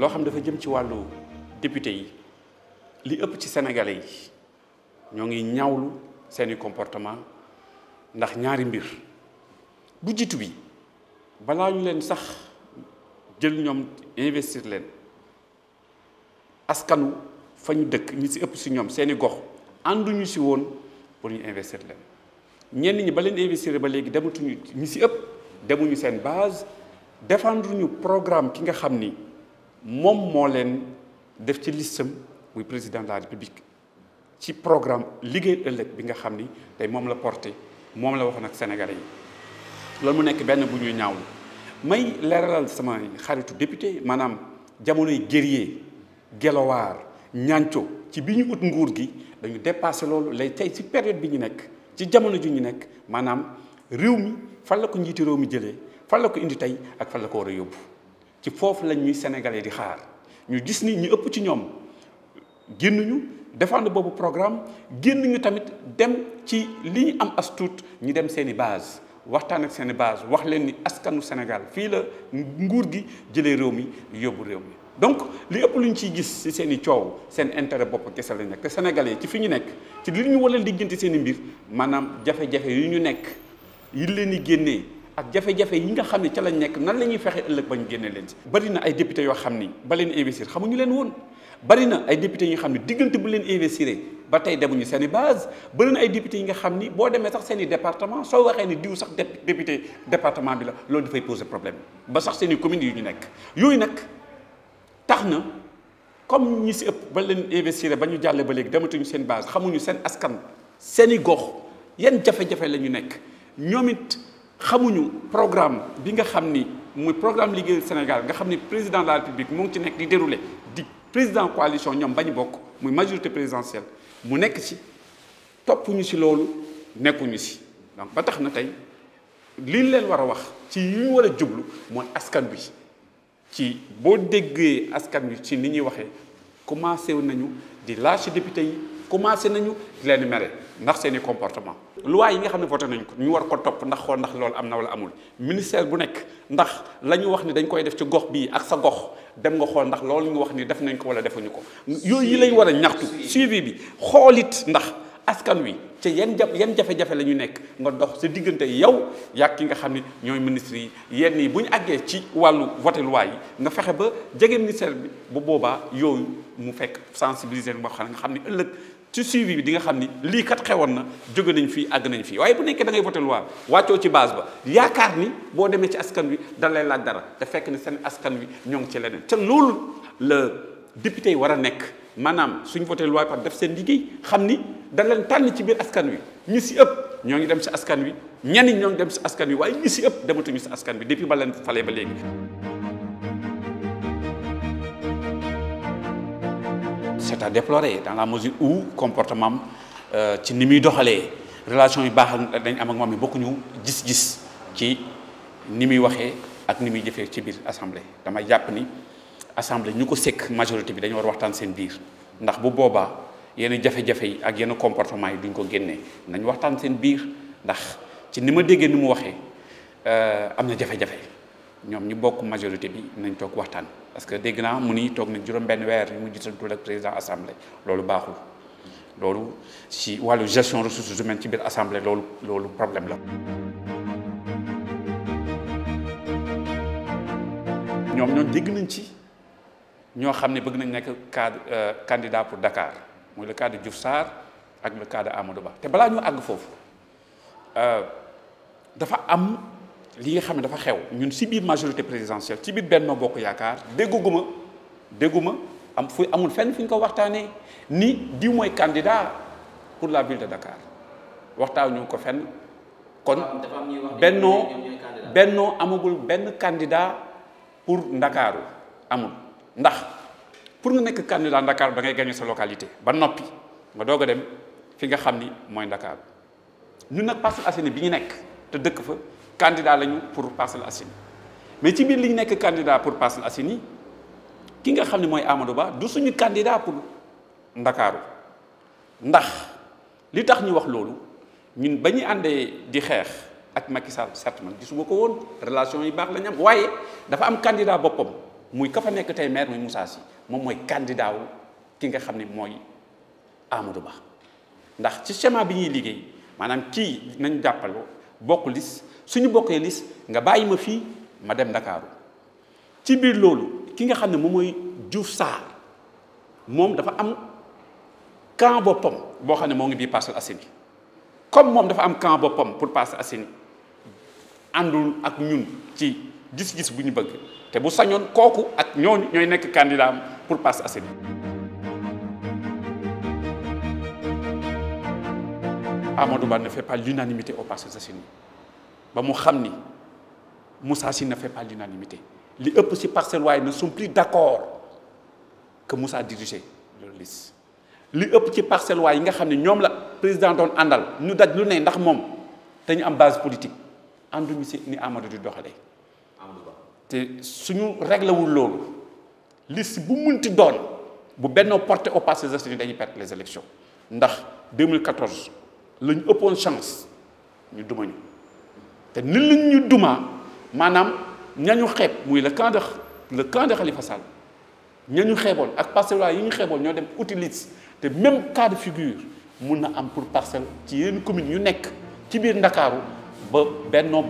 loo xam dafa jëm ci wàllu député yi li ëpp ci sénégalais yi ñoo ngi ñaawlu seeni comportement ndax ñaari mbir bu jiitu bi balaa ñu leen sax jël ñoom investir leen askanu fa ñu dëkk ñu si ëpp si ñoom seeni gox ànduñu si woon pour ñu investir leen ñenn ñi ba leen investir ba léegi dematuñu ñi si ëpp demuñu seen base défendre programme ki nga xam ni moom moo leen def ci listam muy président de la république ci programme liggéey ëllëg bi nga xam ni tey moom la porté moom la waxoon ak sénégalais yi loolu mu nekk benn bu ñuy ñaawlu may leeralal sama xaritu député maanaam jamonoy guerrier gelowaar ñaanco ci bi ñu ut nguur gi dañu dépassé loolu lay tey ci période bi ñu nekk ci jamono ju ñu nekk maanaam réew mi fan la ko njiiti réew mi jëlee fan la ko indi tey ak fan la ko war a yóbbu ci foofu lañ ñuy sénégalais di xaar ñu gis ni ñu ëpp ci ñom ñoom ñu défendre bobu programme ñu tamit dem ci li ñi am as ñu dem seeni base waxtaan ak seeni base wax leen ni askanu Sénégal fii la nguur gi jëlee réew mi yóbbu réew mi. donc li ëpp luñ ñu ciy gis si seeni i coow seen intérêt bopp kese lañ nekk sénégalais ci fi ñu nekk ci li ñu war a seeni mbir maanaam jafe-jafe yu ñu nekk yi leen ni génnee. ak jafe-jafe yi nga xam ne ca lañ nekk nan la ñuy fexe ëllëg ba ñu génne leen si bari na ay député yoo xam ni ba leen investir xamuñu leen woon bari na ay député yi nga xam ne diggante bu leen investiré ba tey demuñu seen i base bari na ay député yi nga xam ni boo demee sax seen i département soo waxee ni diw sax député département bi la loolu dafay poser problème ba sax seen i communes yu ñu nekk yooyu nag tax na comme ñi si ëpp ba leen investir ba ñu jàlle ba léegi dematuñu seen base xamuñu seen askan seen i gox yan jafe-jafe la ñu nekk ñoom it xamuñu programme bi nga xam ni muy programme liggéeyu Sénégal nga xam ni président de la République mu ngi ci nekk di déroulé di président coalition ñoom bañ bokk muy majorité présidentielle mu nekk ci toppuñu ci loolu nekkuñu ci donc ba tax na tey liñ leen war a wax ci yi ñu war a jublu mooy askan bi ci boo déggee askan bi ci ni ñuy waxee commencé nañu di lâché député yi commencé nañu di leen mere ndax séni comportement loi yi nga xamné voté nañ ko ñu war ko top ndax xol ndax lool amna wala amul ministère bu nek ndax lañu wax ni dañ koy def ci gox bi ak sa gox dem nga xol ndax lool ñu wax ni def nañ ko wala defuñu ko yoy yi lañ wara ñaxtu suivi bi xolit ndax askan wi ca yeen jaf yeen jafe-jafe lañu nek nga dox ci digënté yow yak ki nga xamni ñoy ñooy ministre yi yenn yi bu ñu ci walu voter loi yi nga fexe ba jege ministère bi bu boba yoy mu fekk sensibiliser moo xam nga xamni ëlëk Tu suivi bi di nga xamni li kat xewon na joge bu da ngay loi waccio ci base ba yaakar ni bo demé ci askan wi da lay la dara te fekk ni askan wi ci député nekk suñ loi par def sen xamni da tan ci bir askan wi ñi ci ëpp ñong dem ci askan wi ñani ñong dem askan wi ëpp askan depuis ba ba c'est à déplorer dans la mesure où comportement euh, ci nimuy muy relation yi bax dañ am ak moom yi ñu gis-gis ci nimuy waxé ak nimuy jëfé ci bir assemblée dama jàpp ni assemblée ñuko sék majorité bi dañu war waxtaan seen bir ndax bu boba yene jafé jafé ak yene comportement yi duñ ko génné nañ waxtaan seen bir ndax ci nima déggé nimu waxé euh amna jafé jafé ñoom ñu bokk majorité bi nañ toog waxtaan parce que dégg naa mu ni toog nañ juróom-benn weer yu mu gisantul ak président assemblée loolu baaxul loolu si wàllu gestion ressources humaines ci biir assemblée loolu loolu problème la. ñoom ñoo dégg nañ ci ñoo xam ne bëgg nañ nekk cadre euh, candidat pour dakaar muy le cadre Diouf Sarr ak le cadre Amadou Ba te balaa ñu àgg foofu euh, dafa am. li nga xamné dafa xew ñun ci biir majorité présidentielle ci biir Benno Bokk yaakar dégguma dégguma am fu amul fenn fu ko waxtané ni di moy candidat pour la ville de Dakar waxtaan ñu ko fenn kon Benno Benno amagul benn candidat pour dakar amul ndax pour nga nek candidat dakar da ngay gagné sa localité ba nopi nga doga dem fi nga xamni moy dakar ñun nak Parcelles Assainies bi ñu nekk te dëkk fa candidat lañu pour Parcelles Assainies mais ci biir li ñu nekk candidat pour Parcelles Assainies ki nga xam ne mooy amado Ba du suñu candidat pour Ndakaaru ndax li tax ñu wax loolu ñun ba ñu àndee di xeex ak Macky Sall certes man gisuma ko woon relation yi baax la ñu am waaye dafa am candidat boppam muy ka fa nekk tey meer muy Moussa Sy moom mooy candidat wu ki nga xam ne mooy Amadou Ba ndax ci schéma bi ñuy liggéey maanaam kii nañ jàppaloo Boku lis, souni boku lis, nga bayi me fi, ma deme Dakar. Ti bi lolo, ki nye kane moumoye Diouf Sa, moum dafa am kan vopom, moum kane moum yi bi pasel aseni. Kom moum dafa am kan vopom pou pasel aseni, andoun akou nyoun ti dis dis bou ny bagi. Te bou sa nyon koku at nyon nyoy nek kandidam pou pasel aseni. Amadou Ba ne fait pas l'unanimité au passé Sassini..! ba mu xam que.. Moussa Sy ne fait pas l'unanimité Les ëpp ci Parcelles ne sont plus d'accord que Moussa dirigeait Le liste li parcellois ci Parcelles waaye yi nga xam ne ñoom la président doon Andal, ñu daj lu ne ndax 2006, dañu am base politique Et ci ni Amadou di doxalee si suñu réglé Le liste bu munti doon bu Benno porté au passé, nous dañuy perdre les élections ndax 2014 avons une chance ñu duma ñu ni lañ ñu duma manam ñañu xeeb muy le camp de le camp de Khalifa Sall ñañu xébol ak parcelles yi ñu xébol ñoo dem utilise té même cas de figure muna na am pour parcelle ci une commune. yu nekk ci biir ba Benno